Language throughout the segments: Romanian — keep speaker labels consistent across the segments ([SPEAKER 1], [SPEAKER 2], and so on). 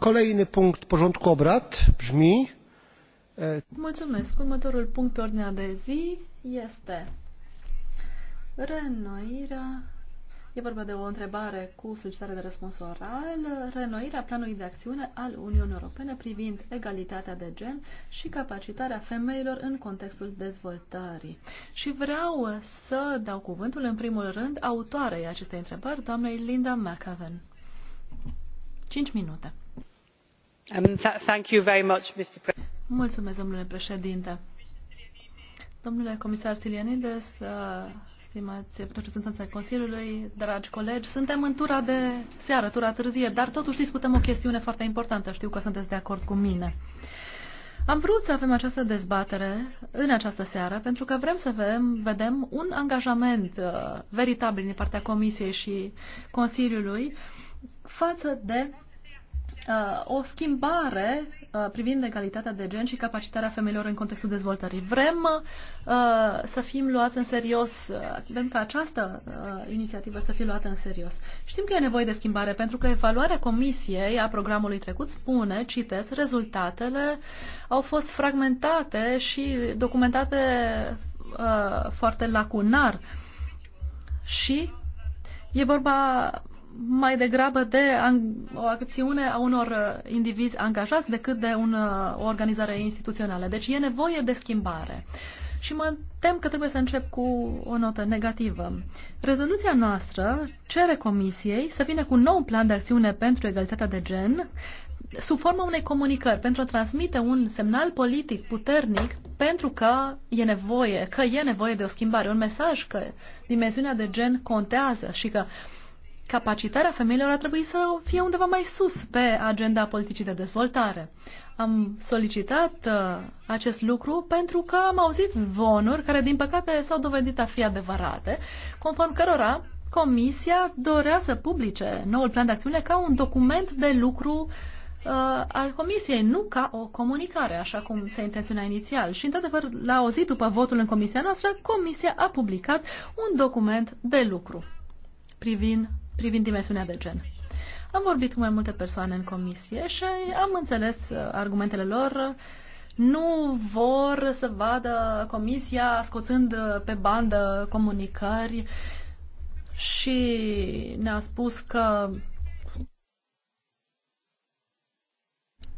[SPEAKER 1] kolejny punkt porządku obrad brzmi
[SPEAKER 2] Următorul punct pe ordinea de zi este reînnoirea E vorba de o întrebare cu solicitare de răspuns oral, reînnoirea planului de acțiune al Uniunii Europene privind egalitatea de gen și capacitarea femeilor în contextul dezvoltării. Și vreau să dau cuvântul în primul rând autoarei acestei întrebări, doamnei Linda McAven. Cinci minute. Um, Mulțumesc, domnule președinte. Domnule comisar Silianides, uh, stimați ai Consiliului, dragi colegi, suntem în tura de seară, tura târzie, dar totuși discutăm o chestiune foarte importantă. Știu că sunteți de acord cu mine. Am vrut să avem această dezbatere în această seară pentru că vrem să vedem, vedem un angajament uh, veritabil din partea Comisiei și Consiliului uh, față de uh, o schimbare uh, privind egalitatea de gen și capacitarea femeilor în contextul dezvoltării. Vrem uh, să fim luați în serios, uh, vrem ca această uh, inițiativă să fie luată în serios. Știm că e nevoie de schimbare pentru că evaluarea comisiei a programului trecut spune, citesc, rezultatele au fost fragmentate și documentate uh, foarte lacunar și E vorba mai degrabă de o acțiune a unor uh, indivizi angajați decât de un, uh, o organizare instituțională. Deci e nevoie de schimbare. Și mă tem că trebuie să încep cu o notă negativă. Rezoluția noastră cere Comisiei să vină cu un nou plan de acțiune pentru egalitatea de gen sub forma unei comunicări pentru a transmite un semnal politic puternic pentru că e nevoie, că e nevoie de o schimbare, un mesaj că dimensiunea de gen contează și că uh, capacitarea femeilor ar trebui să fie undeva mai sus pe agenda politicii de dezvoltare. Am solicitat uh, acest lucru pentru că am auzit zvonuri care, din păcate, s-au dovedit a fi adevărate, conform cărora Comisia dorea să publice noul plan de acțiune ca un document de lucru uh, al Comisiei, nu ca o comunicare, așa cum se intenționa inițial. Și, într-adevăr, la o zi după votul în Comisia noastră, Comisia a publicat un document de lucru privind privind dimensiunea de gen. Am vorbit cu mai multe persoane în comisie și am înțeles uh, argumentele lor. Nu vor să vadă comisia scoțând uh, pe bandă comunicări și ne-a spus că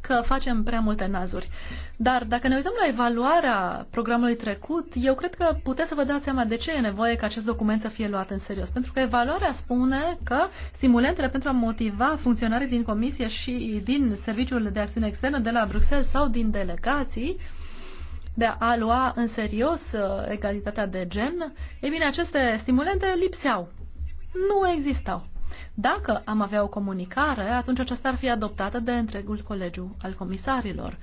[SPEAKER 2] că facem prea multe nazuri. Dar dacă ne uităm la evaluarea programului trecut, eu cred că puteți să vă dați seama de ce e nevoie ca acest document să fie luat în serios. Pentru că evaluarea spune că stimulentele pentru a motiva funcționarii din comisie și din serviciul de acțiune externă de la Bruxelles sau din delegații de a lua în serios uh, egalitatea de gen, e bine, aceste stimulente lipseau. Nu existau. Dacă am avea o comunicare, atunci aceasta ar fi adoptată de întregul colegiu al comisarilor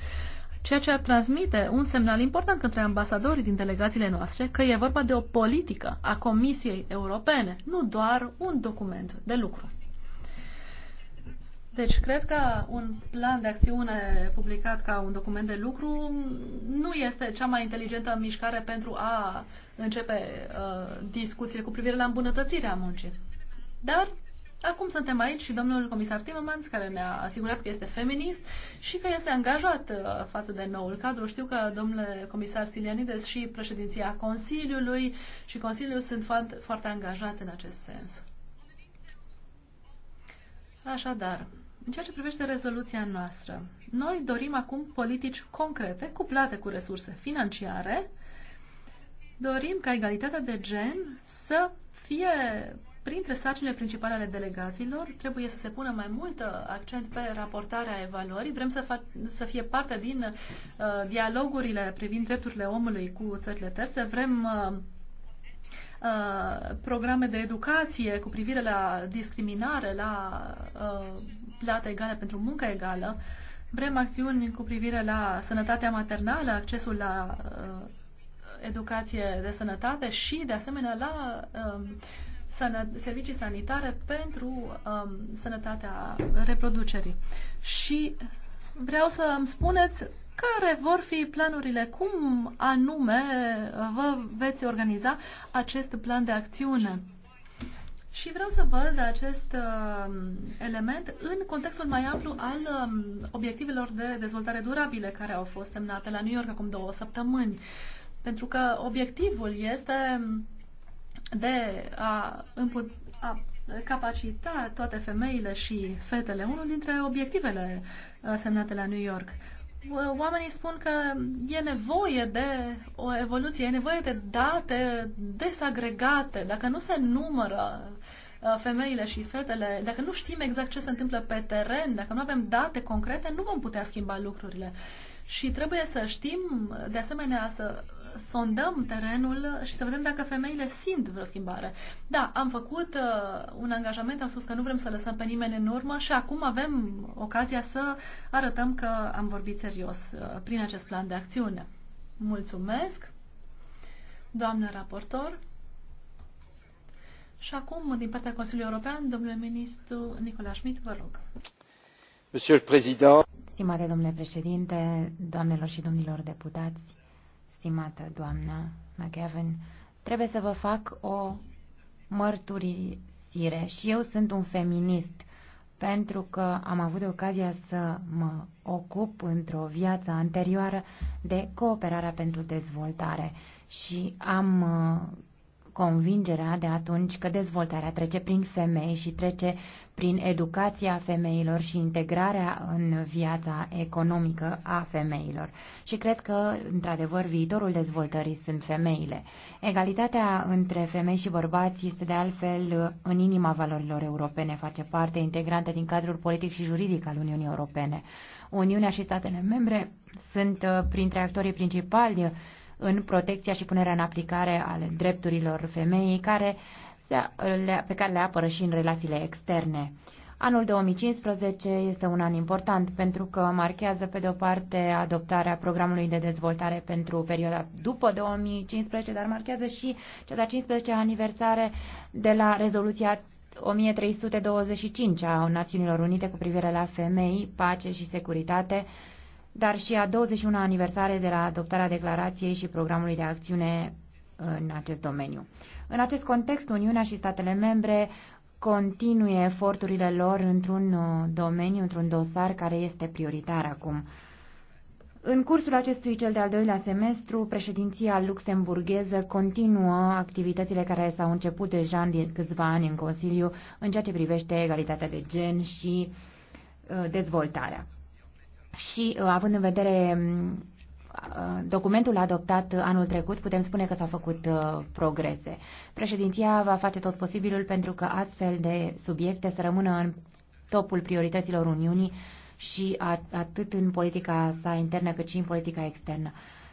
[SPEAKER 2] ceea ce ar transmite un semnal important către ambasadorii din delegațiile noastre că e vorba de o politică a Comisiei Europene, nu doar un document de lucru. Deci, cred că un plan de acțiune publicat ca un document de lucru nu este cea mai inteligentă mișcare pentru a începe uh, discuție cu privire la îmbunătățirea muncii. Dar Acum suntem aici și domnul comisar Timmermans, care ne-a asigurat că este feminist și că este angajat uh, față de noul cadru. Știu că domnule comisar Silianides și președinția Consiliului și Consiliul sunt foarte angajați în acest sens. Așadar, în ceea ce privește rezoluția noastră, noi dorim acum politici concrete, cuplate cu resurse financiare. Dorim ca egalitatea de gen să fie printre sarcinile principale ale delegațiilor trebuie să se pună mai mult uh, accent pe raportarea evaluării. Vrem să, fa- să fie parte din uh, dialogurile privind drepturile omului cu țările terțe. Vrem uh, uh, programe de educație cu privire la discriminare, la uh, plată egală pentru muncă egală. Vrem acțiuni cu privire la sănătatea maternală, accesul la uh, educație de sănătate și, de asemenea, la uh, servicii sanitare pentru um, sănătatea reproducerii. Și vreau să îmi spuneți care vor fi planurile, cum anume vă veți organiza acest plan de acțiune. Și vreau să văd acest uh, element în contextul mai amplu al um, obiectivelor de dezvoltare durabile care au fost semnate la New York acum două săptămâni. Pentru că obiectivul este um, de a, a capacita toate femeile și fetele, unul dintre obiectivele uh, semnate la New York. Uh, oamenii spun că e nevoie de o evoluție, e nevoie de date desagregate. Dacă nu se numără uh, femeile și fetele, dacă nu știm exact ce se întâmplă pe teren, dacă nu avem date concrete, nu vom putea schimba lucrurile. Și trebuie să știm, de asemenea, să sondăm terenul și să vedem dacă femeile simt vreo schimbare. Da, am făcut uh, un angajament, am spus că nu vrem să lăsăm pe nimeni în urmă și acum avem ocazia să arătăm că am vorbit serios uh, prin acest plan de acțiune. Mulțumesc, doamnă raportor. Și acum, din partea Consiliului European, domnule ministru Nicola Schmidt, vă
[SPEAKER 3] rog. Stimate domnule președinte, doamnelor și domnilor deputați, stimată doamnă McAvan, trebuie să vă fac o mărturisire. Și eu sunt un feminist, pentru că am avut ocazia să mă ocup într-o viață anterioară de cooperarea pentru dezvoltare și am uh, convingerea de atunci că dezvoltarea trece prin femei și trece prin educația femeilor și integrarea în viața economică a femeilor. Și cred că, într-adevăr, viitorul dezvoltării sunt femeile. Egalitatea între femei și bărbați este, de altfel, în inima valorilor europene, face parte integrantă din cadrul politic și juridic al Uniunii Europene. Uniunea și statele membre sunt uh, printre actorii principali în protecția și punerea în aplicare ale drepturilor femeii care pe care le apără și în relațiile externe. Anul 2015 este un an important pentru că marchează, pe de-o parte, adoptarea programului de dezvoltare pentru perioada după 2015, dar marchează și cea de-a 15 aniversare de la rezoluția 1325 a Națiunilor Unite cu privire la femei, pace și securitate, dar și a 21-a aniversare de la adoptarea declarației și programului de acțiune în acest domeniu. În acest context, Uniunea și statele membre continuă eforturile lor într-un uh, domeniu, într-un dosar care este prioritar acum. În cursul acestui cel de-al doilea semestru, președinția luxemburgheză continuă activitățile care s-au început deja în câțiva ani în Consiliu în ceea ce privește egalitatea de gen și uh, dezvoltarea și uh, având în vedere mm, uh, documentul adoptat anul trecut, putem spune că s-au făcut uh, progrese. Președinția va face tot posibilul pentru că astfel de subiecte să rămână în topul priorităților Uniunii și atât în politica sa internă cât și în politica externă.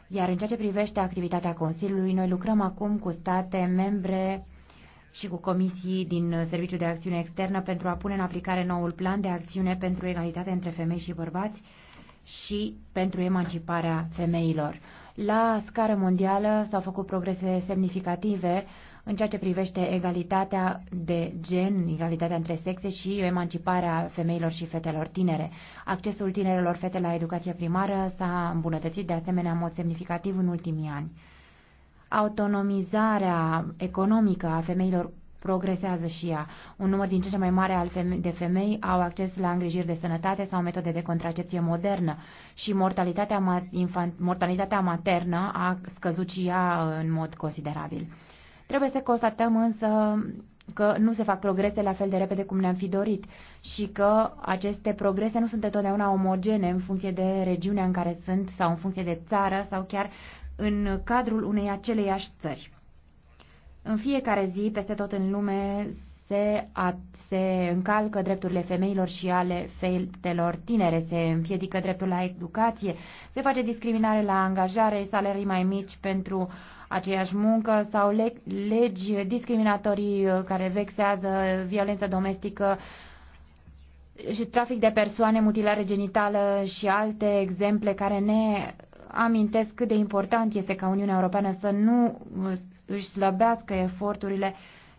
[SPEAKER 3] Iar în ceea ce privește activitatea Consiliului, noi lucrăm acum cu state membre și cu comisii din Serviciul de Acțiune Externă pentru a pune în aplicare noul plan de acțiune pentru egalitate între femei și bărbați, și pentru emanciparea femeilor. La scară mondială s-au făcut progrese semnificative în ceea ce privește egalitatea de gen, egalitatea între sexe și emanciparea femeilor și fetelor tinere. Accesul tinerelor fete la educația primară s-a îmbunătățit de asemenea în mod semnificativ în ultimii ani. Autonomizarea economică a femeilor progresează și ea. Un număr din ce mai mare al de femei au acces la îngrijiri de sănătate sau metode de contracepție modernă și mortalitatea, ma- infant, mortalitatea maternă a scăzut și ea uh, în mod considerabil. Trebuie să constatăm însă că nu se fac progrese la fel de repede cum ne-am fi dorit și că aceste progrese nu sunt întotdeauna omogene în funcție de regiunea în care sunt sau în funcție de țară sau chiar în cadrul unei aceleiași țări. În fiecare zi, peste tot în lume, se, a, se încalcă drepturile femeilor și ale fetelor tinere, se împiedică dreptul la educație, se face discriminare la angajare, salarii mai mici pentru aceeași muncă sau le, legi discriminatorii care vexează violența domestică și trafic de persoane, mutilare genitală și alte exemple care ne amintesc cât de important este ca Uniunea Europeană să nu își slăbească eforturile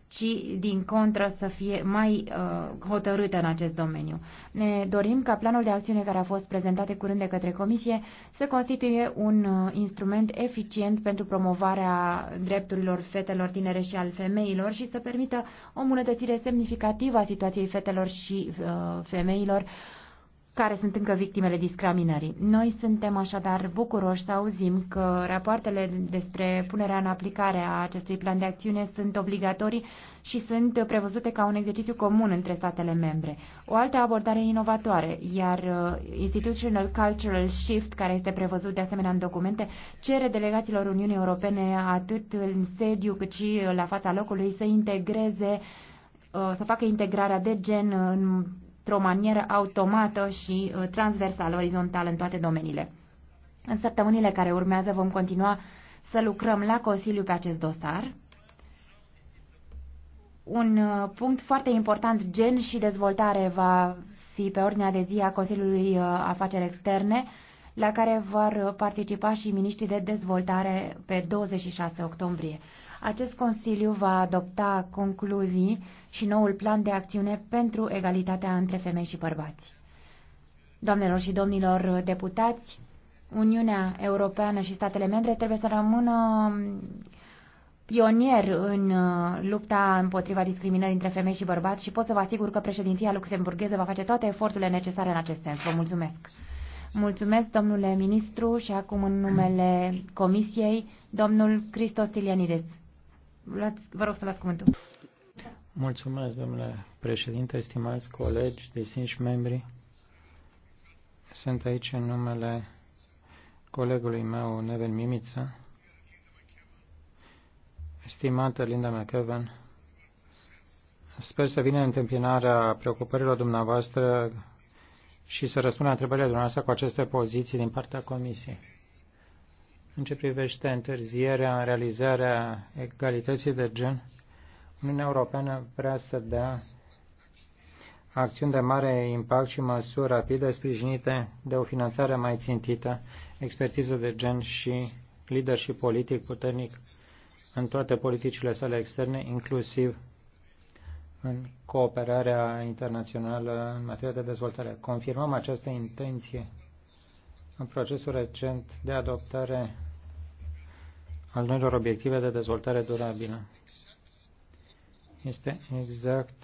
[SPEAKER 3] ci din contră să fie mai uh, hotărâtă în acest domeniu. Ne dorim ca planul de acțiune care a fost prezentat de curând de către Comisie să constituie un uh, instrument eficient pentru promovarea drepturilor fetelor tinere și al femeilor și să permită o îmbunătățire semnificativă a situației fetelor și uh, femeilor uh, care sunt încă victimele discriminării. Noi suntem așadar bucuroși să auzim că rapoartele despre punerea în aplicare a acestui plan de acțiune sunt obligatorii și sunt prevăzute ca un exercițiu comun între statele membre. O altă abordare inovatoare, iar uh, Institutional Cultural Shift, care este prevăzut de asemenea în documente, cere delegaților Uniunii Europene atât în sediu cât și la fața locului să integreze uh, să facă integrarea de gen în într-o manieră automată și uh, transversală, orizontală în toate domeniile. În săptămânile care urmează vom continua să lucrăm la Consiliu pe acest dosar. Un uh, punct foarte important, gen și dezvoltare, va fi pe ordinea de zi a Consiliului uh, Afaceri Externe, la care vor participa și miniștrii de dezvoltare pe 26 octombrie. Acest Consiliu va adopta concluzii și noul plan de acțiune pentru egalitatea între femei și bărbați. Doamnelor și domnilor deputați, Uniunea Europeană și statele membre trebuie să rămână pionier în uh, lupta împotriva discriminării între femei și bărbați și pot să vă asigur că președinția luxemburgheză va face toate eforturile necesare în acest sens. Vă mulțumesc! Mulțumesc, domnule ministru, și acum în numele Comisiei, domnul Cristos Tilianides. Luați, vă rog să luați cuvântul.
[SPEAKER 1] Mulțumesc, domnule președinte, estimați colegi, distinși membri. Sunt aici în numele colegului meu, Neven Mimiță, Estimată Linda McEwen, sper să vină întâmpinarea preocupărilor dumneavoastră și să răspundă întrebările dumneavoastră cu aceste poziții din partea Comisiei. În ce privește întârzierea în realizarea egalității de gen, Uniunea Europeană vrea să dea acțiuni de mare impact și măsuri rapide sprijinite de o finanțare mai țintită, expertiză de gen și lider și politic puternic în toate politicile sale externe, inclusiv în cooperarea internațională în materie de dezvoltare. Confirmăm această intenție în procesul recent de adoptare al noilor obiective de dezvoltare durabilă. Este exact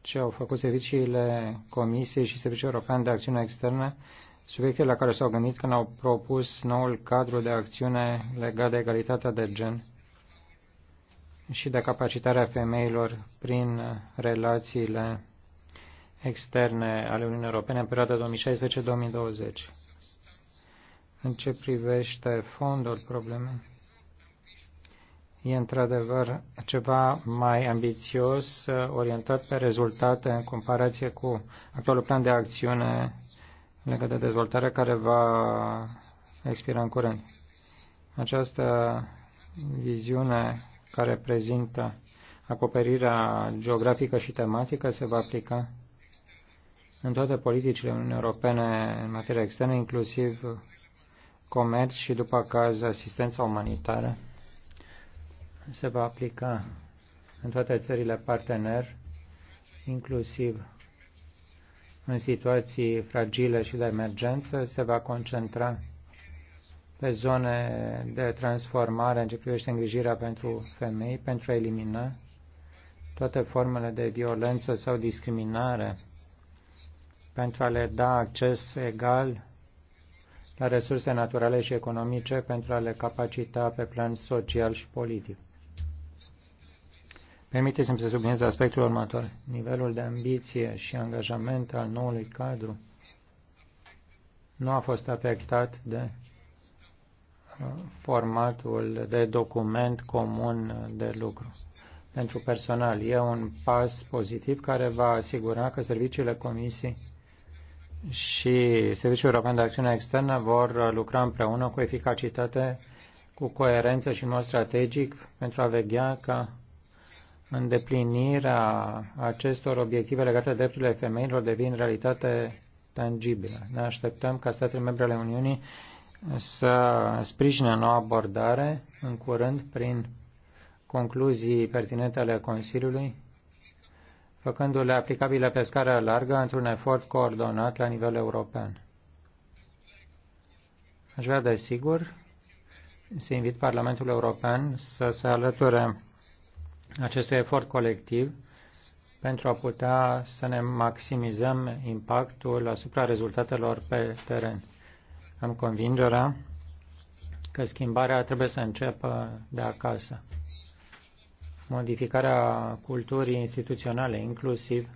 [SPEAKER 1] ce au făcut serviciile Comisiei și Serviciul European de Acțiune Externă, subiectele la care s-au gândit când au propus noul cadru de acțiune legat de egalitatea de gen și de capacitarea femeilor prin relațiile externe ale Uniunii Europene în perioada 2016-2020. În ce privește fondul problemei, e într-adevăr ceva mai ambițios, uh, orientat pe rezultate în comparație cu actualul plan de acțiune legat de dezvoltare care va expira în curând. Această viziune care prezintă acoperirea geografică și tematică se va aplica în toate politicile Uniunii Europene în materie externă, inclusiv comerț și, după caz, asistența umanitară se va aplica în toate țările partener, inclusiv în situații fragile și de emergență, se va concentra pe zone de transformare în ce privește îngrijirea pentru femei, pentru a elimina toate formele de violență sau discriminare, pentru a le da acces egal la resurse naturale și economice, pentru a le capacita pe plan social și politic. Permiteți-mi să subliniez aspectul următor. Nivelul de ambiție și angajament al noului cadru nu a fost afectat de uh, formatul de document comun de lucru. Pentru personal, e un pas pozitiv care va asigura că serviciile comisiei și Serviciul European de Acțiune Externă vor lucra împreună cu eficacitate, cu coerență și în mod strategic pentru a veghea ca îndeplinirea acestor obiective legate de drepturile femeilor devin realitate tangibilă. Ne așteptăm ca statele membre ale Uniunii să sprijine noua abordare în curând prin concluzii pertinente ale Consiliului, făcându-le aplicabile pe scară largă într-un efort coordonat la nivel european. Aș vrea, desigur, să invit Parlamentul European să se alăture acestui efort colectiv pentru a putea să ne maximizăm impactul asupra rezultatelor pe teren. Am convingerea că schimbarea trebuie să înceapă de acasă. Modificarea culturii instituționale, inclusiv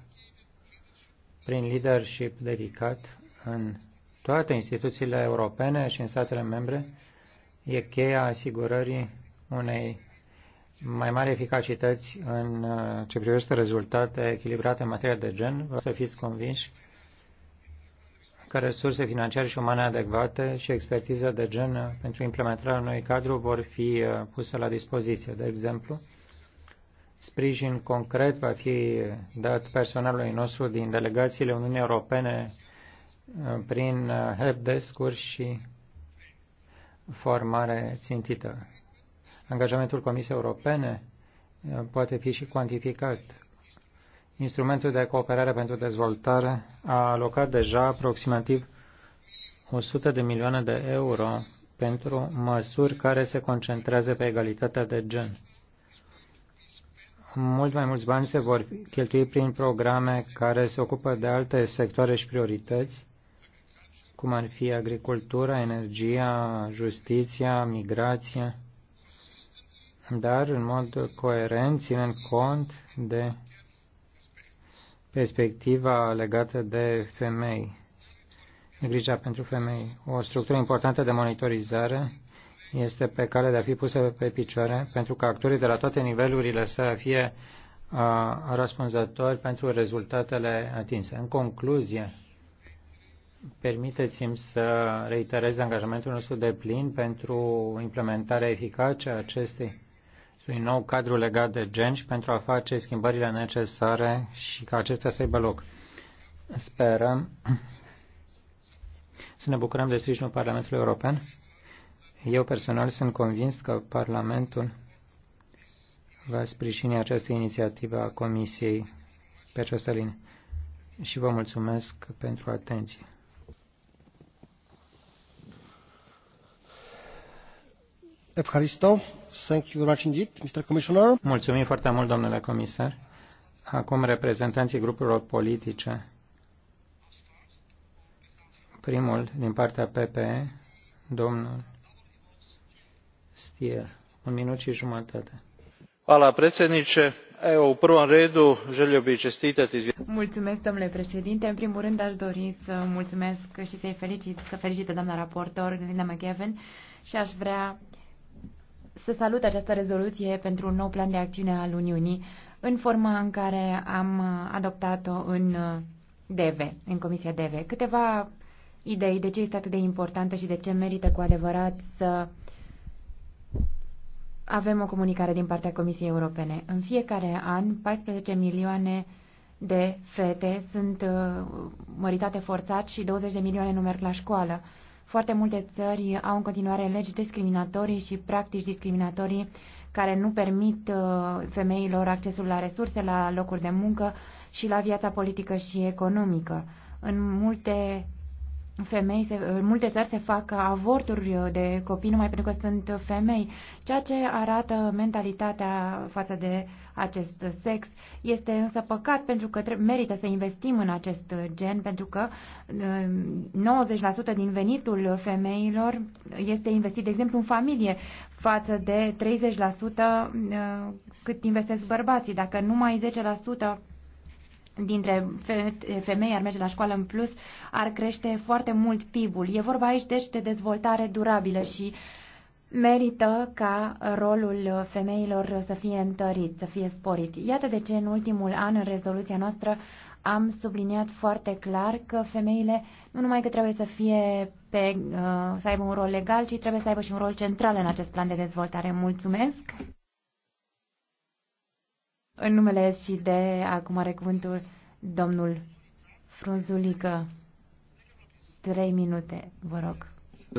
[SPEAKER 1] prin leadership dedicat în toate instituțiile europene și în statele membre, e cheia asigurării unei mai mari eficacități în uh, ce privește rezultate echilibrate în materie de gen, vă să fiți convinși că resurse financiare și umane adecvate și expertiză de gen pentru implementarea unui cadru vor fi uh, puse la dispoziție. De exemplu, sprijin concret va fi dat personalului nostru din delegațiile Uniunii Europene uh, prin helpdesk-uri și formare țintită. Angajamentul Comisiei Europene uh, poate fi și cuantificat. Instrumentul de cooperare pentru dezvoltare a alocat deja aproximativ 100 de milioane de euro pentru măsuri care se concentrează pe egalitatea de gen. Mult mai mulți bani se vor cheltui prin programe care se ocupă de alte sectoare și priorități, cum ar fi agricultura, energia, justiția, migrația dar în mod coerent, ținând cont de perspectiva legată de femei, grija pentru femei. O structură importantă de monitorizare este pe cale de a fi pusă pe picioare pentru că actorii de la toate nivelurile să fie a, răspunzători pentru rezultatele atinse. În concluzie, permiteți-mi să reiterez angajamentul nostru de plin pentru implementarea eficace a acestei și un nou cadru legat de gen și pentru a face schimbările necesare și ca acestea să aibă loc. Sperăm să ne bucurăm de sprijinul Parlamentului European. Eu personal sunt convins că Parlamentul va sprijini această inițiativă a Comisiei pe această linie. Și vă mulțumesc pentru atenție. Mulțumim foarte mult, domnule comisar. Acum reprezentanții grupurilor politice. Primul, din partea PPE, domnul Stier. Un minut și jumătate. Hvala predsjedniče. Evo, u prvom redu želio bih čestitati...
[SPEAKER 3] Mulțumesc, domnule președinte. În primul rând aș dori să mulțumesc și să-i felicit, să felicit pe doamna raportor, Linda McGavin, și aș vrea să salut această rezoluție pentru un nou plan de acțiune al Uniunii în forma în care am adoptat-o în uh, DV, în Comisia DV. Câteva idei de ce este atât de importantă și de ce merită cu adevărat să avem o comunicare din partea Comisiei Europene. În fiecare an, 14 milioane de fete sunt uh, măritate forțat și 20 de milioane nu merg la școală. Foarte multe țări au în continuare legi discriminatorii și practici discriminatorii care nu permit uh, femeilor accesul la resurse, la locuri de muncă și la viața politică și economică. În multe femei, se, în multe țări se fac avorturi de copii numai pentru că sunt femei, ceea ce arată mentalitatea față de acest sex. Este însă păcat pentru că merită să investim în acest gen, pentru că 90% uh, din venitul femeilor este investit, de exemplu, în familie, față de 30% uh, cât investesc bărbații. Dacă numai 10% dintre femei ar merge la școală în plus, ar crește foarte mult PIB-ul. E vorba aici deci de dezvoltare durabilă și merită ca rolul femeilor să fie întărit, să fie sporit. Iată de ce în ultimul an, în rezoluția noastră, am subliniat foarte clar că femeile nu numai că trebuie să fie pe, uh, să aibă un rol legal, ci trebuie să aibă și un rol central în acest plan de dezvoltare. Mulțumesc! În numele și de acum are cuvântul domnul Frunzulică. Trei minute, vă rog.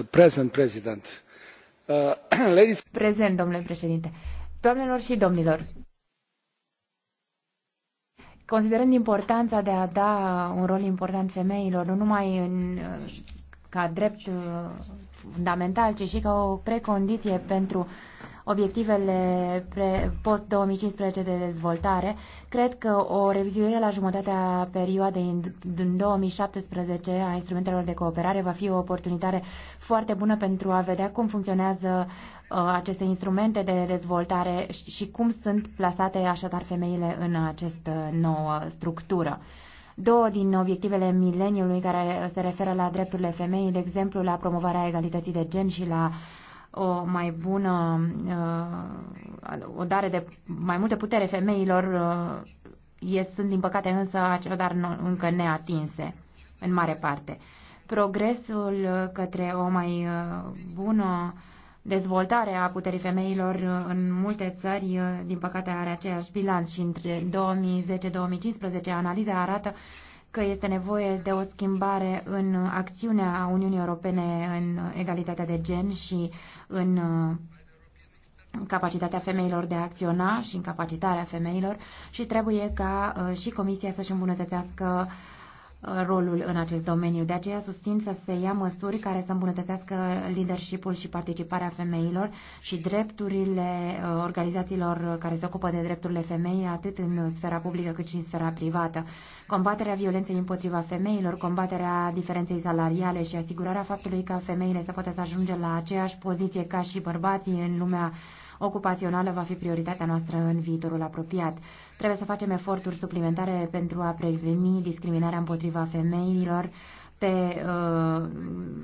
[SPEAKER 1] Prezent, prezident.
[SPEAKER 3] Uh, Prezent, domnule președinte. Doamnelor și domnilor, considerând importanța de a da un rol important femeilor, nu numai în ca drept uh, fundamental, ci și ca o precondiție pentru obiectivele post-2015 de dezvoltare, cred că o revizuire la jumătatea perioadei din 2017 a instrumentelor de cooperare va fi o oportunitate foarte bună pentru a vedea cum funcționează uh, aceste instrumente de dezvoltare și cum sunt plasate așadar femeile în această nouă structură. Două din obiectivele mileniului care se referă la drepturile femei, de exemplu la promovarea egalității de gen și la o mai bună, uh, o dare de mai multe putere femeilor, uh, sunt din păcate însă dar încă neatinse în mare parte. Progresul către o mai uh, bună dezvoltare a puterii femeilor uh, în multe țări, uh, din păcate, are aceeași bilanț și între 2010-2015 analiza arată că este nevoie de o schimbare în acțiunea Uniunii Europene în egalitatea de gen și în uh, capacitatea femeilor de a acționa și în capacitarea femeilor și trebuie ca și Comisia să-și îmbunătățească uh, Uh, rolul în acest domeniu. De aceea susțin să se ia măsuri care să îmbunătățească leadership și participarea femeilor și drepturile uh, organizațiilor care se ocupă de drepturile femeii, atât în sfera publică cât și în sfera privată. Combaterea violenței împotriva femeilor, combaterea diferenței salariale și asigurarea faptului ca femeile să poată să ajunge la aceeași poziție ca și bărbații în lumea ocupațională va fi prioritatea noastră în viitorul apropiat. Trebuie să facem eforturi suplimentare pentru a preveni discriminarea împotriva femeilor, pe uh,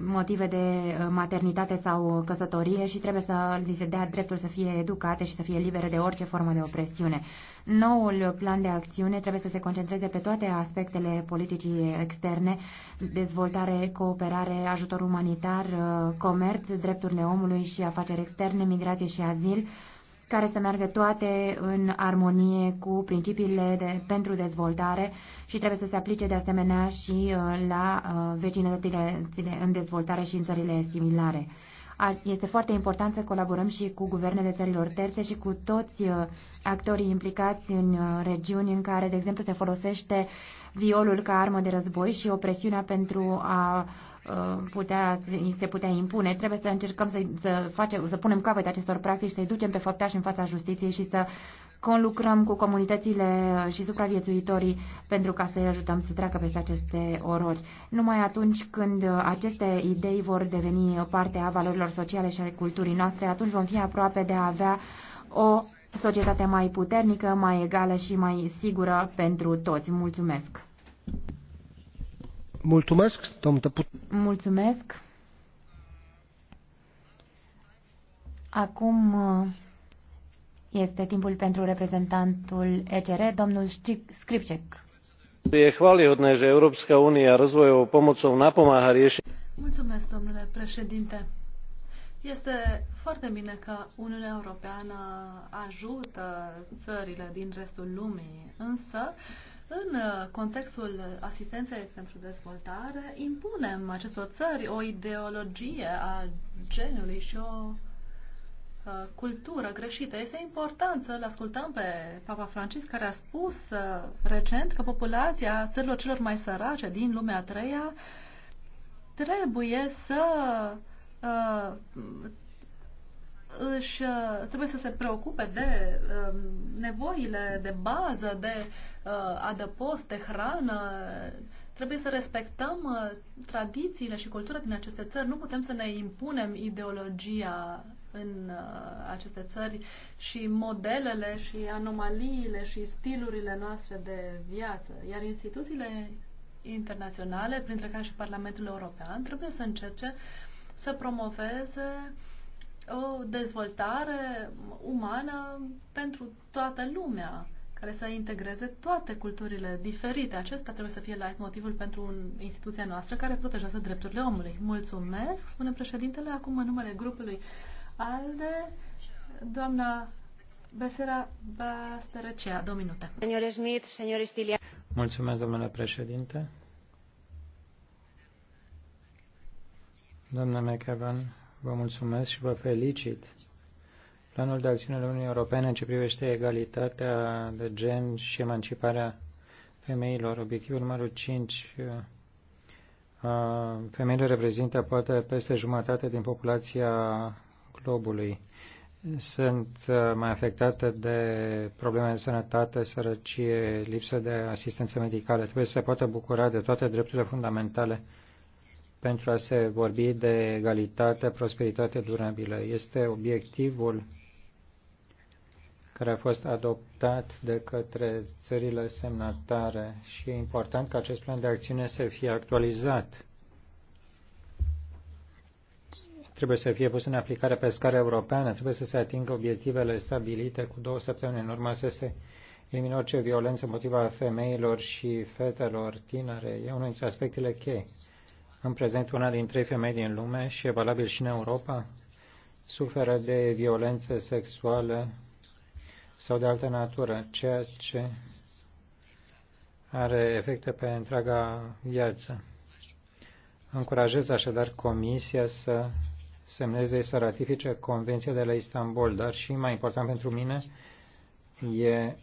[SPEAKER 3] motive de uh, maternitate sau căsătorie și trebuie să li se dea dreptul să fie educate și să fie libere de orice formă de opresiune. Noul plan de acțiune trebuie să se concentreze pe toate aspectele politicii externe, dezvoltare, cooperare, ajutor umanitar, uh, comerț, drepturile omului și afaceri externe, migrație și azil, care să meargă toate în armonie cu principiile de, pentru dezvoltare și trebuie să se aplice de asemenea și uh, la uh, vecinătățile în dezvoltare și în țările similare. Este foarte important să colaborăm și cu guvernele țărilor terțe și cu toți uh, actorii implicați în regiuni în care, de exemplu, se folosește violul ca armă de război și opresiunea pentru a Uh, putea, se putea impune. Trebuie să încercăm să, să, face, să punem capăt acestor practici, să-i ducem pe făptași în fața justiției și să conlucrăm cu comunitățile și supraviețuitorii pentru ca să-i ajutăm să treacă peste aceste orori. Numai atunci când aceste idei vor deveni parte a valorilor sociale și ale culturii noastre, atunci vom fi aproape de a avea o societate mai puternică, mai egală și mai sigură pentru toți. Mulțumesc!
[SPEAKER 1] Mulțumesc, domnul
[SPEAKER 3] Mulțumesc. Acum uh, este timpul pentru reprezentantul ECR, domnul Scripcek.
[SPEAKER 1] Je hvalihodné, že Európska únia rozvojovou pomocou napomáha riešiť.
[SPEAKER 3] Mulțumesc, domnule președinte.
[SPEAKER 2] Este foarte bine că Uniunea Europeană ajută țările din restul lumii, însă uh, în uh, contextul asistenței pentru dezvoltare, impunem acestor țări o ideologie a genului și o uh, cultură greșită. Este important să-l ascultăm pe Papa Francis, care a spus uh, recent că populația țărilor celor mai sărace din lumea a treia trebuie să își, uh, trebuie să se preocupe de um, nevoile de bază, de uh, adăpost, de hrană. Trebuie să respectăm uh, tradițiile și cultura din aceste țări. Nu putem să ne impunem ideologia în aceste țări și modelele și anomaliile și stilurile noastre de viață. Iar instituțiile internaționale, printre care și Parlamentul European, trebuie să încerce să promoveze uh, o dezvoltare umană pentru toată lumea, care să integreze toate culturile diferite. Acesta trebuie să fie light motivul pentru instituția noastră care protejează drepturile omului. Mulțumesc, spune președintele, acum în numele grupului ALDE, doamna Besera Basterecea,
[SPEAKER 3] două minute.
[SPEAKER 1] Mulțumesc, domnule președinte. Doamna McEvan, Vă mulțumesc și vă felicit. Planul de acțiune al Uniunii Europene în ce privește egalitatea de gen și emanciparea femeilor, obiectivul numărul 5, femeile reprezintă poate peste jumătate din populația globului. Sunt mai afectate de probleme de sănătate, sărăcie, lipsă de asistență medicală. Trebuie să se poată bucura de toate drepturile fundamentale pentru a se vorbi de egalitate, prosperitate durabilă. Este obiectivul care a fost adoptat de către țările semnatare și e important ca acest plan de acțiune să fie actualizat. Trebuie să fie pus în aplicare pe scară europeană, trebuie să se atingă obiectivele stabilite cu două săptămâni în urmă, să se elimine orice violență împotriva femeilor și fetelor tinere. E unul dintre aspectele cheie. În prezent, una din trei femei din lume și e valabil și în Europa, suferă de violențe sexuale sau de altă natură, ceea ce are efecte pe întreaga viață. Încurajez așadar Comisia să semneze, să ratifice Convenția de la Istanbul, dar și mai important pentru mine e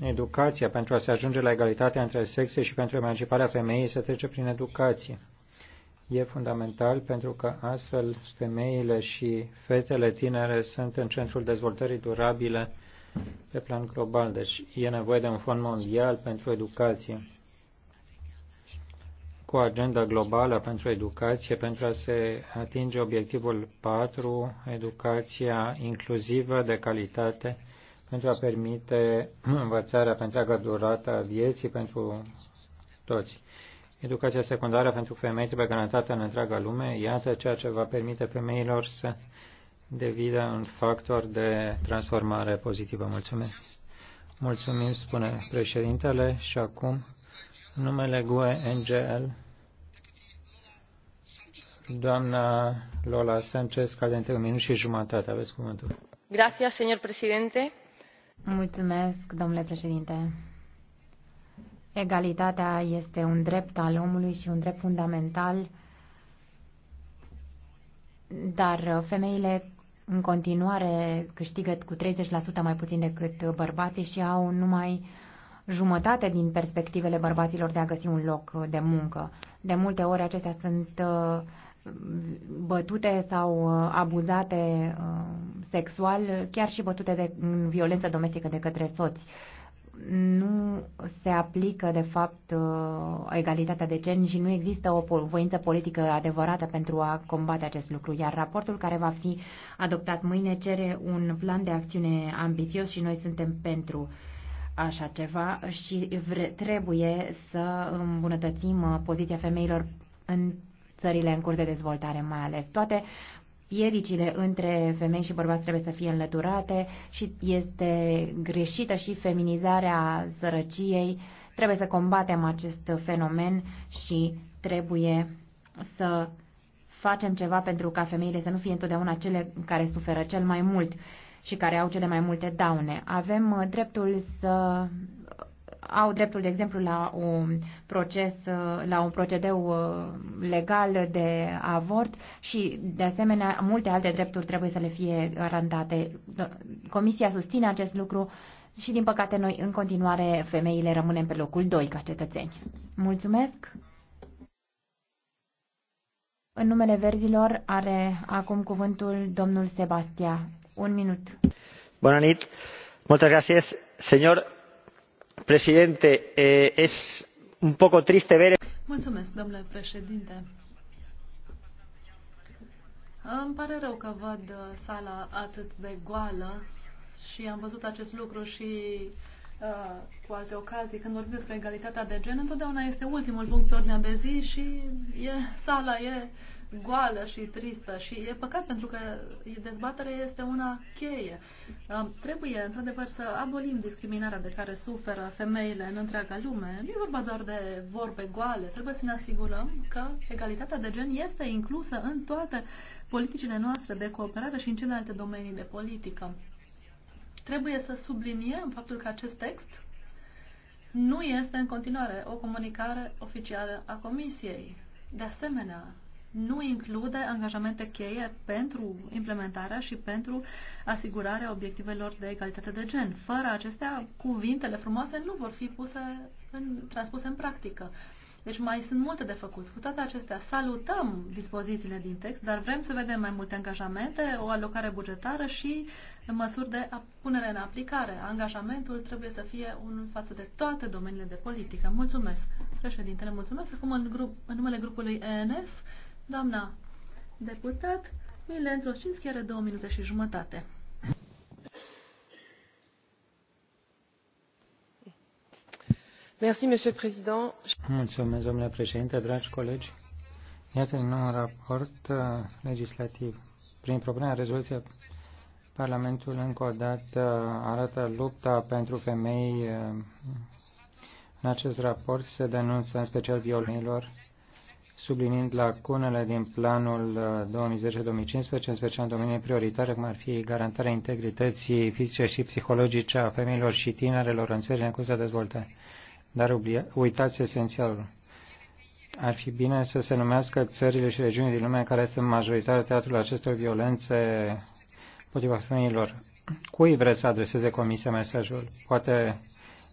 [SPEAKER 1] educația pentru a se ajunge la egalitatea între sexe și pentru emanciparea femeii să trece prin educație e fundamental pentru că astfel femeile și fetele tinere sunt în centrul dezvoltării durabile pe plan global. Deci e nevoie de un fond mondial pentru educație cu o agenda globală pentru educație pentru a se atinge obiectivul 4, educația inclusivă de calitate, pentru a permite învățarea pe întreaga durată a vieții pentru toți. Educația secundară pentru femei trebuie garantată în întreaga lume. Iată ceea ce va permite femeilor să devină un factor de transformare pozitivă. Mulțumesc! Mulțumim, spune președintele, și acum numele GUE NGL, doamna Lola Sanchez, ca de un minut și jumătate. Aveți cuvântul.
[SPEAKER 3] Gracias, señor presidente. Mulțumesc, domnule președinte. Egalitatea este un drept al omului și un drept fundamental, dar femeile în continuare câștigă cu 30% mai puțin decât bărbații și au numai jumătate din perspectivele bărbaților de a găsi un loc de muncă. De multe ori acestea sunt uh, bătute sau uh, abuzate uh, sexual, chiar și bătute de violență domestică de către soți nu se aplică, de fapt, uh, egalitatea de gen și nu există o voință politică adevărată pentru a combate acest lucru. Iar raportul care va fi adoptat mâine cere un plan de acțiune ambițios și noi suntem pentru așa ceva și trebuie să îmbunătățim uh, poziția femeilor în țările în curs de dezvoltare mai ales. Toate piedicile între femei și bărbați trebuie să fie înlăturate și este greșită și feminizarea sărăciei. Trebuie să combatem acest fenomen și trebuie să facem ceva pentru ca femeile să nu fie întotdeauna cele care suferă cel mai mult și care au cele mai multe daune. Avem dreptul să au dreptul, de exemplu, la un proces, la un procedeu uh, legal de avort și, de asemenea, multe alte drepturi trebuie să le fie garantate. Comisia susține acest lucru și, din păcate, noi, în continuare, femeile rămânem pe locul 2 ca cetățeni. Mulțumesc! În numele verzilor are acum cuvântul domnul Sebastia. Un minut.
[SPEAKER 1] Bună nit! Mulțumesc, señor Eh,
[SPEAKER 2] domnule președinte. Îmi pare rău că văd uh, sala atât de goală și am văzut acest lucru și uh, cu alte ocazii. Când vorbim despre egalitatea de gen, întotdeauna este ultimul punct pe ordinea de zi și e, sala e goală și tristă și e păcat pentru că dezbaterea este una cheie. Um, trebuie, într-adevăr, să abolim discriminarea de care suferă femeile în întreaga lume. Nu e vorba doar de vorbe goale. Trebuie să ne asigurăm că egalitatea de gen este inclusă în toate politicile noastre de cooperare și în celelalte domenii de politică. Trebuie să subliniem faptul că acest text nu este în continuare o comunicare oficială a Comisiei. De asemenea, nu include angajamente cheie pentru implementarea și pentru asigurarea obiectivelor de egalitate de gen. Fără acestea, cuvintele frumoase nu vor fi puse în, transpuse în practică. Deci mai sunt multe de făcut. Cu toate acestea, salutăm dispozițiile din text, dar vrem să vedem mai multe angajamente, o alocare bugetară și măsuri de punere în aplicare. Angajamentul trebuie să fie unul față de toate domeniile de politică. Mulțumesc, președintele, mulțumesc. Acum în, grup, în numele grupului ENF, Doamna deputat, într-o Troșcinski are două minute și jumătate. Merci, monsieur président.
[SPEAKER 1] Mulțumesc, domnule președinte, dragi colegi. Iată un nou raport uh, legislativ. Prin propunerea rezoluție, Parlamentul încă o dată uh, arată lupta pentru femei. Uh, în acest raport se denunță în special violilor sublinind lacunele din planul 2010-2015, uh, în special în domenii prioritare, cum ar fi garantarea integrității fizice și psihologice a femeilor și tinerelor în țările în curs de dezvoltare. Dar uitați esențialul. Ar fi bine să se numească țările și regiunile din lume care sunt majoritatea teatrul acestor violențe împotriva femeilor. Cui vreți să adreseze Comisia mesajul? Poate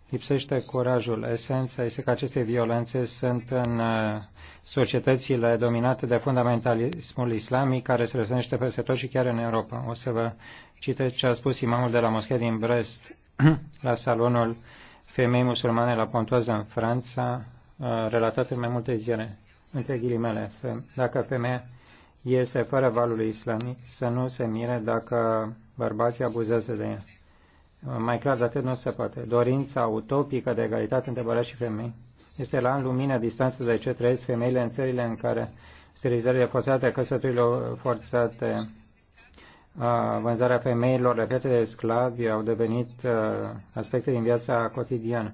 [SPEAKER 1] lipsește curajul. Esența este că aceste violențe sunt în uh, societățile dominate de fundamentalismul islamic care se răsănește peste tot și chiar în Europa. O să vă citesc ce a spus imamul de la moschea din Brest la salonul femei musulmane la Pontoază în Franța, uh, relatat în mai multe zile, între ghilimele. Dacă femeia iese fără valul islamic, să nu se mire dacă bărbații abuzează de ea mai clar de atât nu se poate. Dorința utopică de egalitate între bărbați și femei este la lumină distanță de ce trăiesc femeile în țările în care sterilizările forțate, căsătorile forțate, vânzarea femeilor la piața de sclavi au devenit aspecte din viața cotidiană.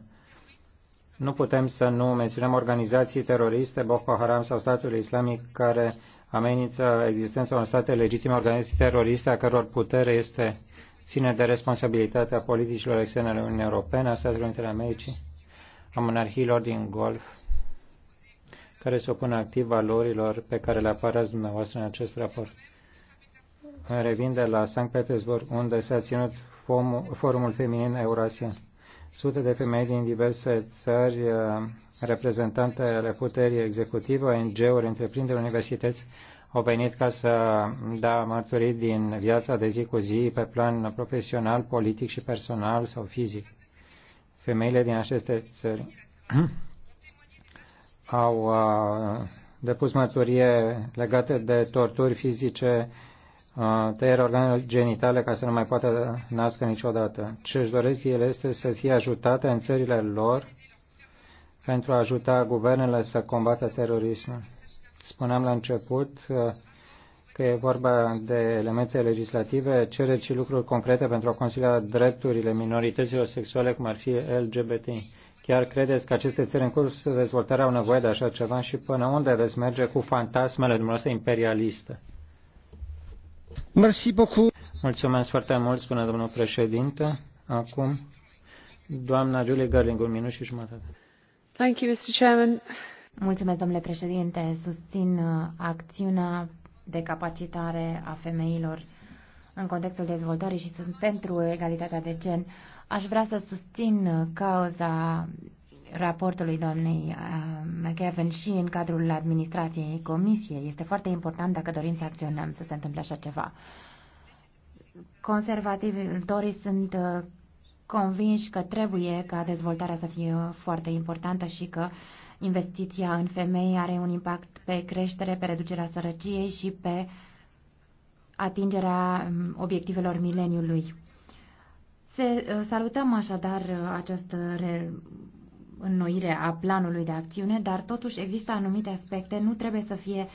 [SPEAKER 1] Nu putem să nu menționăm organizații teroriste, Boko Haram sau statul islamic, care amenință existența unor state legitime, organizații teroriste a căror putere este ține de responsabilitatea politicilor externe ale Uniunii Europene, a Statelor Unite ale Americii, a monarhiilor din Golf, care se opun activ valorilor pe care le apărați dumneavoastră în acest raport. Revin de la Sankt Petersburg, unde s-a ținut Forumul Feminin Eurasia. Sute de femei din diverse țări, uh, reprezentante ale puterii executive, ONG-uri, întreprinderi, universități, au venit ca să da mărturii din viața de zi cu zi pe plan profesional, politic și personal sau fizic. Femeile din aceste țări au uh, depus mărturie legate de torturi fizice, uh, tăiere organelor genitale ca să nu mai poată nască niciodată. Ce își doresc ele este să fie ajutate în țările lor pentru a ajuta guvernele să combată terorismul. Spuneam la început uh, că e vorba de elemente legislative, cere și lucruri concrete pentru a consilia drepturile minorităților sexuale, cum ar fi LGBT. Chiar credeți că aceste țări în curs de dezvoltare au nevoie de așa ceva și până unde veți merge cu fantasmele dumneavoastră imperialiste? Merci beaucoup. Mulțumesc foarte mult, spune domnul președinte. Acum, doamna Julie Gerling, un minut și jumătate.
[SPEAKER 3] Thank you, Mr. Chairman. Mulțumesc, domnule președinte. Susțin uh, acțiunea de capacitare a femeilor în contextul dezvoltării și sunt pentru egalitatea de gen. Aș vrea să susțin uh, cauza raportului doamnei uh, McEwen și în cadrul administrației comisiei. Este foarte important dacă dorim să acționăm să se întâmple așa ceva. Conservatorii sunt convinși că trebuie ca dezvoltarea să fie foarte importantă și că uh, Investiția în femei are un impact pe creștere, pe reducerea sărăciei și pe atingerea mm, obiectivelor mileniului. Se, uh, salutăm așadar uh, această re, înnoire a planului de acțiune, dar totuși există anumite aspecte, nu trebuie să fie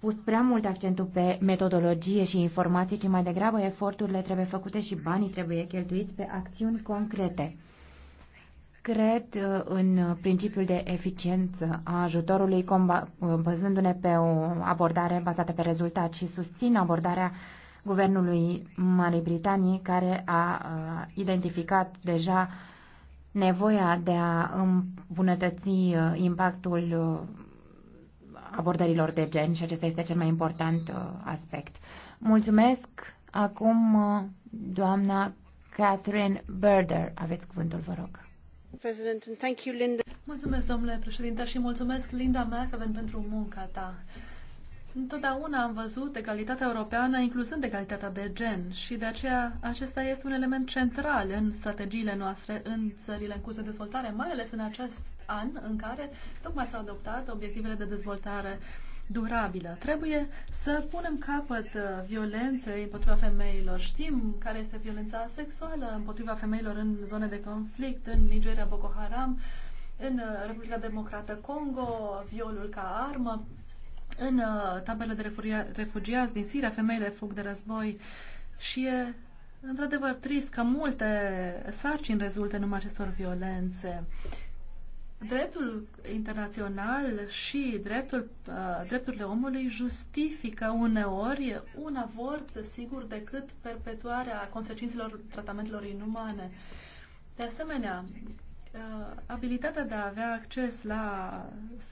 [SPEAKER 3] pus prea mult accentul pe metodologie și informații, ci mai degrabă eforturile trebuie făcute și banii trebuie cheltuiți pe acțiuni concrete cred uh, în principiul de eficiență a ajutorului, uh, bazându-ne pe o abordare bazată pe rezultat și susțin abordarea guvernului Marii Britanii, care a uh, identificat deja nevoia de a îmbunătăți impactul abordărilor de gen și acesta este cel mai important aspect. Mulțumesc! Acum, doamna Catherine Berder, aveți cuvântul, vă rog.
[SPEAKER 2] Mulțumesc, domnule președinte, și mulțumesc, Linda McAven, pentru munca ta. Întotdeauna am văzut egalitatea europeană incluzând egalitatea de gen și de aceea acesta este un element central în strategiile noastre în țările în curs de dezvoltare, mai ales în acest an în care tocmai s-au adoptat obiectivele de dezvoltare uh, durabilă. Trebuie să punem capăt uh, violenței împotriva femeilor. Știm care este violența sexuală împotriva femeilor în zone de conflict, în Nigeria, Boko Haram, în uh, Republica Democrată Congo, violul ca armă, în uh, tabele de refugiați din Siria, femeile fug de război și e într-adevăr trist că multe sarcini rezultă numai acestor violențe dreptul internațional și dreptul, uh, drepturile omului justifică uneori un avort, sigur, decât perpetuarea consecințelor tratamentelor inumane. De asemenea, uh, abilitatea de a avea acces la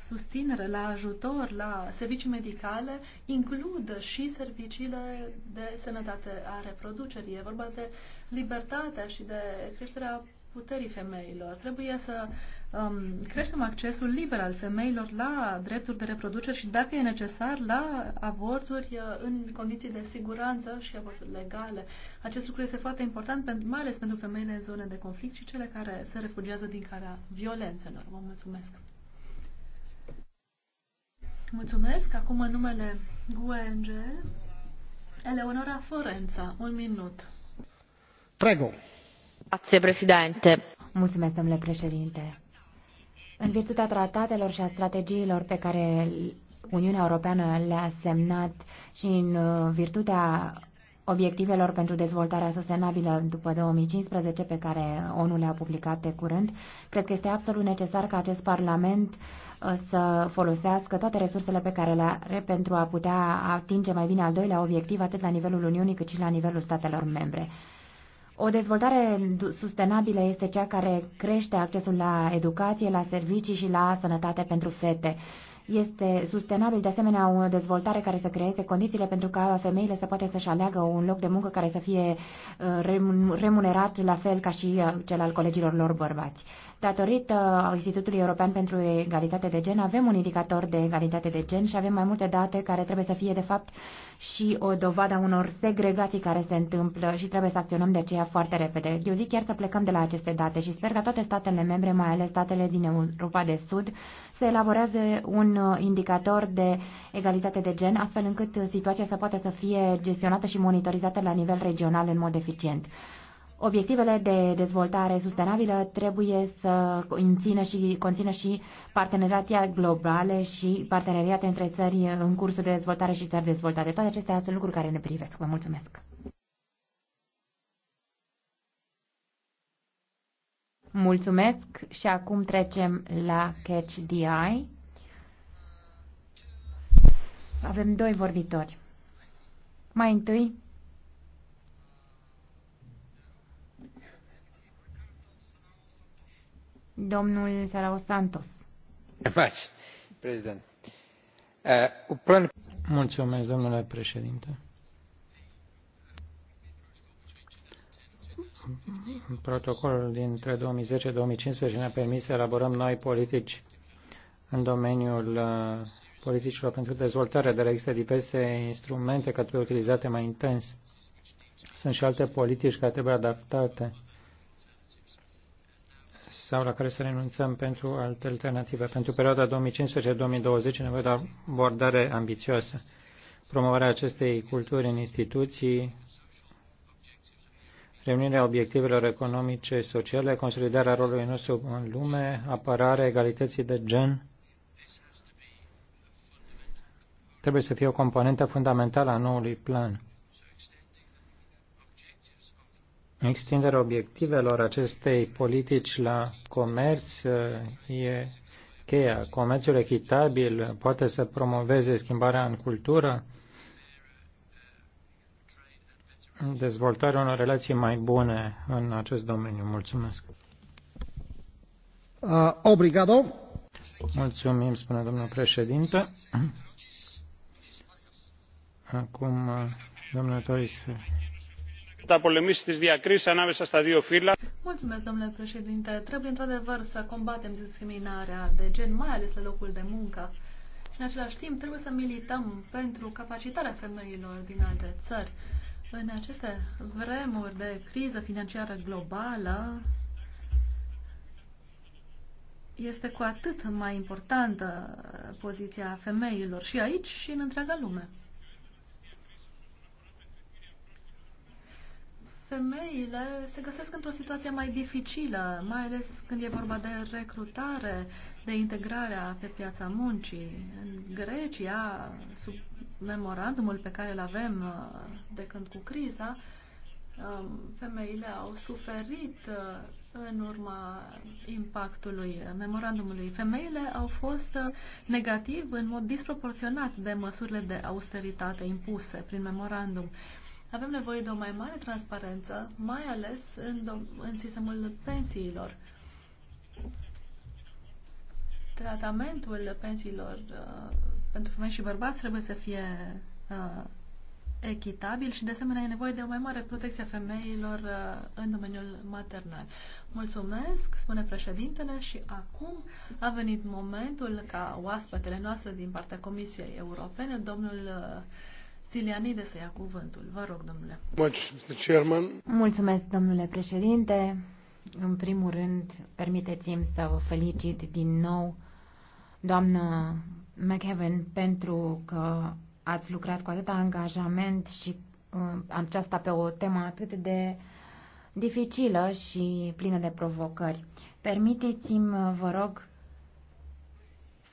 [SPEAKER 2] susținere, la ajutor, la servicii medicale, includă și serviciile de sănătate a reproducerii. E vorba de libertatea și de creșterea puterii femeilor. Trebuie să um, creștem accesul liber al femeilor la drepturi de reproducere și, dacă e necesar, la avorturi uh, în condiții de siguranță și avorturi legale. Acest lucru este foarte important, mai ales pentru femeile în zone de conflict și cele care se refugiază din calea violențelor. Vă mulțumesc! Mulțumesc! Acum în numele UNG, Eleonora
[SPEAKER 3] Forența, un minut. Prego! domnule președinte. În virtutea tratatelor și a strategiilor pe care Uniunea Europeană le-a semnat și în uh, virtutea obiectivelor pentru dezvoltarea sustenabilă după 2015 pe care ONU le-a publicat de curând, cred că este absolut necesar ca acest Parlament uh, să folosească toate resursele pe care le are pentru a putea atinge mai bine al doilea obiectiv, atât la nivelul Uniunii cât și la nivelul statelor membre. O dezvoltare sustenabilă este cea care crește accesul la educație, la servicii și la sănătate pentru fete. Este sustenabil de asemenea o dezvoltare care să creeze condițiile pentru ca femeile să poată să-și aleagă un loc de muncă care să fie uh, remunerat la fel ca și uh, cel al colegilor lor bărbați. Datorită Institutului European pentru Egalitate de Gen avem un indicator de egalitate de gen și avem mai multe date care trebuie să fie de fapt și o dovadă a unor segregații care se întâmplă și trebuie să acționăm de aceea foarte repede. Eu zic chiar să plecăm de la aceste date și sper ca toate statele membre, mai ales statele din Europa de Sud, se elaborează un uh, indicator de egalitate de gen, astfel încât uh, situația să poată să fie gestionată și monitorizată la nivel regional în mod eficient. Obiectivele de dezvoltare sustenabilă trebuie să conțină și, conțină și parteneriate globale și parteneriate între țări în cursul de dezvoltare și țări dezvoltate. Toate acestea sunt lucruri care ne privesc. Vă mulțumesc! Mulțumesc și acum trecem la Catch the Eye. Avem doi vorbitori. Mai întâi, domnul Sarao Santos.
[SPEAKER 1] Mulțumesc, domnule președinte protocolul dintre 2010-2015 ne-a permis să elaborăm noi politici în domeniul uh, politicilor pentru dezvoltare, dar există diverse instrumente care trebuie utilizate mai intens. Sunt și alte politici care trebuie adaptate sau la care să renunțăm pentru alte alternative. Pentru perioada 2015-2020 nevoie de abordare ambițioasă. Promovarea acestei culturi în instituții, reunirea obiectivelor economice și sociale, consolidarea rolului nostru în lume, apărarea egalității de gen, trebuie să fie o componentă fundamentală a noului plan. Extinderea obiectivelor acestei politici la comerț uh, e cheia. Comerțul echitabil poate să promoveze schimbarea în cultură, dezvoltarea unor relații mai bune în acest domeniu. Mulțumesc. Uh, obrigado. Mulțumim, spune domnul președinte. Acum, uh, domnule Toris.
[SPEAKER 2] Mulțumesc, domnule președinte. Trebuie într-adevăr să combatem discriminarea de gen, mai ales la locul de muncă. Și în același timp trebuie să milităm pentru capacitarea femeilor din alte țări. În aceste vremuri de criză financiară globală, este cu atât mai importantă poziția femeilor și aici și în întreaga lume. Femeile se găsesc într-o situație mai dificilă, mai ales când e vorba de recrutare, de integrarea pe piața muncii. În Grecia, sub memorandumul pe care îl avem uh, de când cu criza, um, femeile au suferit uh, în urma impactului memorandumului. Femeile au fost uh, negativ în mod disproporționat de măsurile de austeritate impuse prin memorandum. Avem nevoie de o mai mare transparență, mai ales în, în sistemul pensiilor tratamentul pensiilor uh, pentru femei și bărbați trebuie să fie uh, echitabil și, de asemenea, e nevoie de o mai mare protecție a femeilor uh, în domeniul maternal. Mulțumesc, spune președintele, și acum a venit momentul ca oaspetele noastre din partea Comisiei Europene, domnul uh, Silianide, să ia cuvântul. Vă rog, domnule.
[SPEAKER 3] Mulțumesc, domnule președinte. În primul rând, permiteți-mi să vă felicit din nou doamnă McHeaven, pentru că ați lucrat cu atâta angajament și uh, aceasta pe o temă atât de dificilă și plină de provocări. Permiteți-mi, uh, vă rog,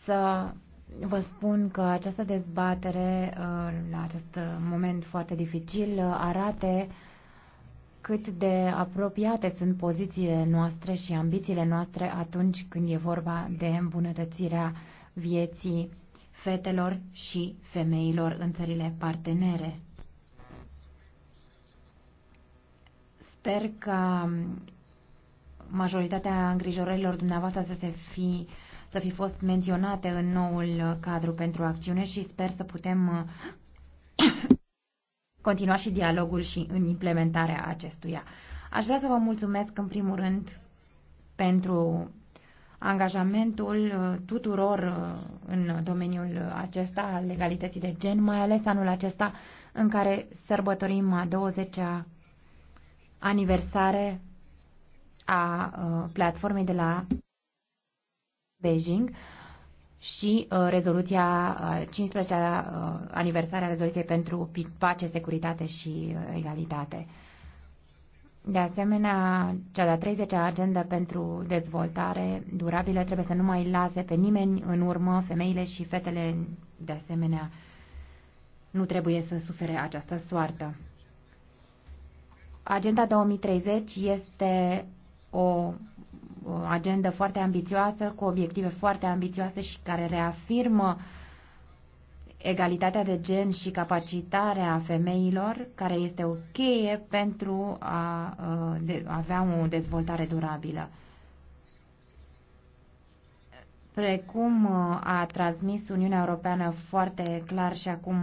[SPEAKER 3] să vă spun că această dezbatere, uh, la acest moment foarte dificil, uh, arate cât de apropiate sunt pozițiile noastre și ambițiile noastre atunci când e vorba de îmbunătățirea vieții fetelor și femeilor în țările partenere. Sper că majoritatea îngrijorărilor dumneavoastră să se fi să fi fost menționate în noul cadru pentru acțiune și sper să putem continua și dialogul și în implementarea acestuia. Aș vrea să vă mulțumesc în primul rând pentru angajamentul uh, tuturor uh, în domeniul acesta al legalității de gen, mai ales anul acesta în care sărbătorim a 20-a aniversare a uh, platformei de la Beijing și uh, rezoluția uh, 15 uh, -a, uh, aniversarea rezoluției pentru pace, securitate și uh, egalitate. De asemenea, cea de-a 30-a agenda pentru dezvoltare durabilă trebuie să nu mai lase pe nimeni în urmă, femeile și fetele de asemenea nu trebuie să sufere această soartă. Agenda 2030 este o agendă foarte ambițioasă, cu obiective foarte ambițioase și care reafirmă egalitatea de gen și capacitarea femeilor, care este o cheie pentru a de, avea o dezvoltare durabilă. Precum a transmis Uniunea Europeană foarte clar și acum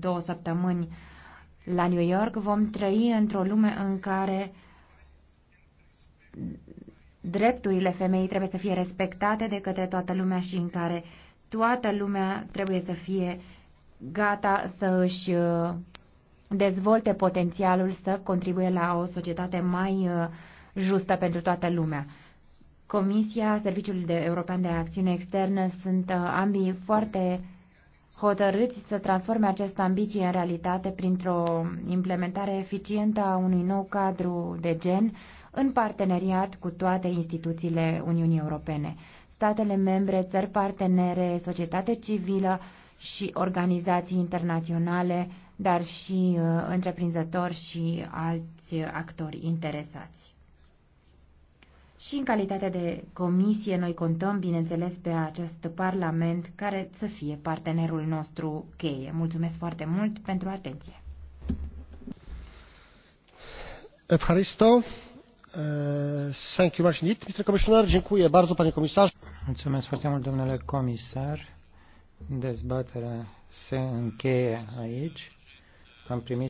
[SPEAKER 3] două săptămâni la New York, vom trăi într-o lume în care drepturile femeii trebuie să fie respectate de către toată lumea și în care toată lumea trebuie să fie gata să își uh, dezvolte potențialul să contribuie la o societate mai uh, justă pentru toată lumea. Comisia, Serviciul de European de Acțiune Externă sunt uh, ambii foarte hotărâți să transforme această ambiție în realitate printr-o implementare eficientă a unui nou cadru de gen în parteneriat cu toate instituțiile Uniunii Europene, statele membre, țări partenere, societate civilă și organizații internaționale, dar și uh, întreprinzători și alți actori interesați. Și în calitate de comisie, noi contăm, bineînțeles, pe acest Parlament care să fie partenerul nostru cheie. Mulțumesc foarte mult pentru atenție.
[SPEAKER 1] Evharisto. Thank you much indeed, Mr. Commissioner. Dziękuję bardzo, panie komisarz. Mulțumesc foarte mult, domnule comisar. Dezbaterea se încheie aici. Am primit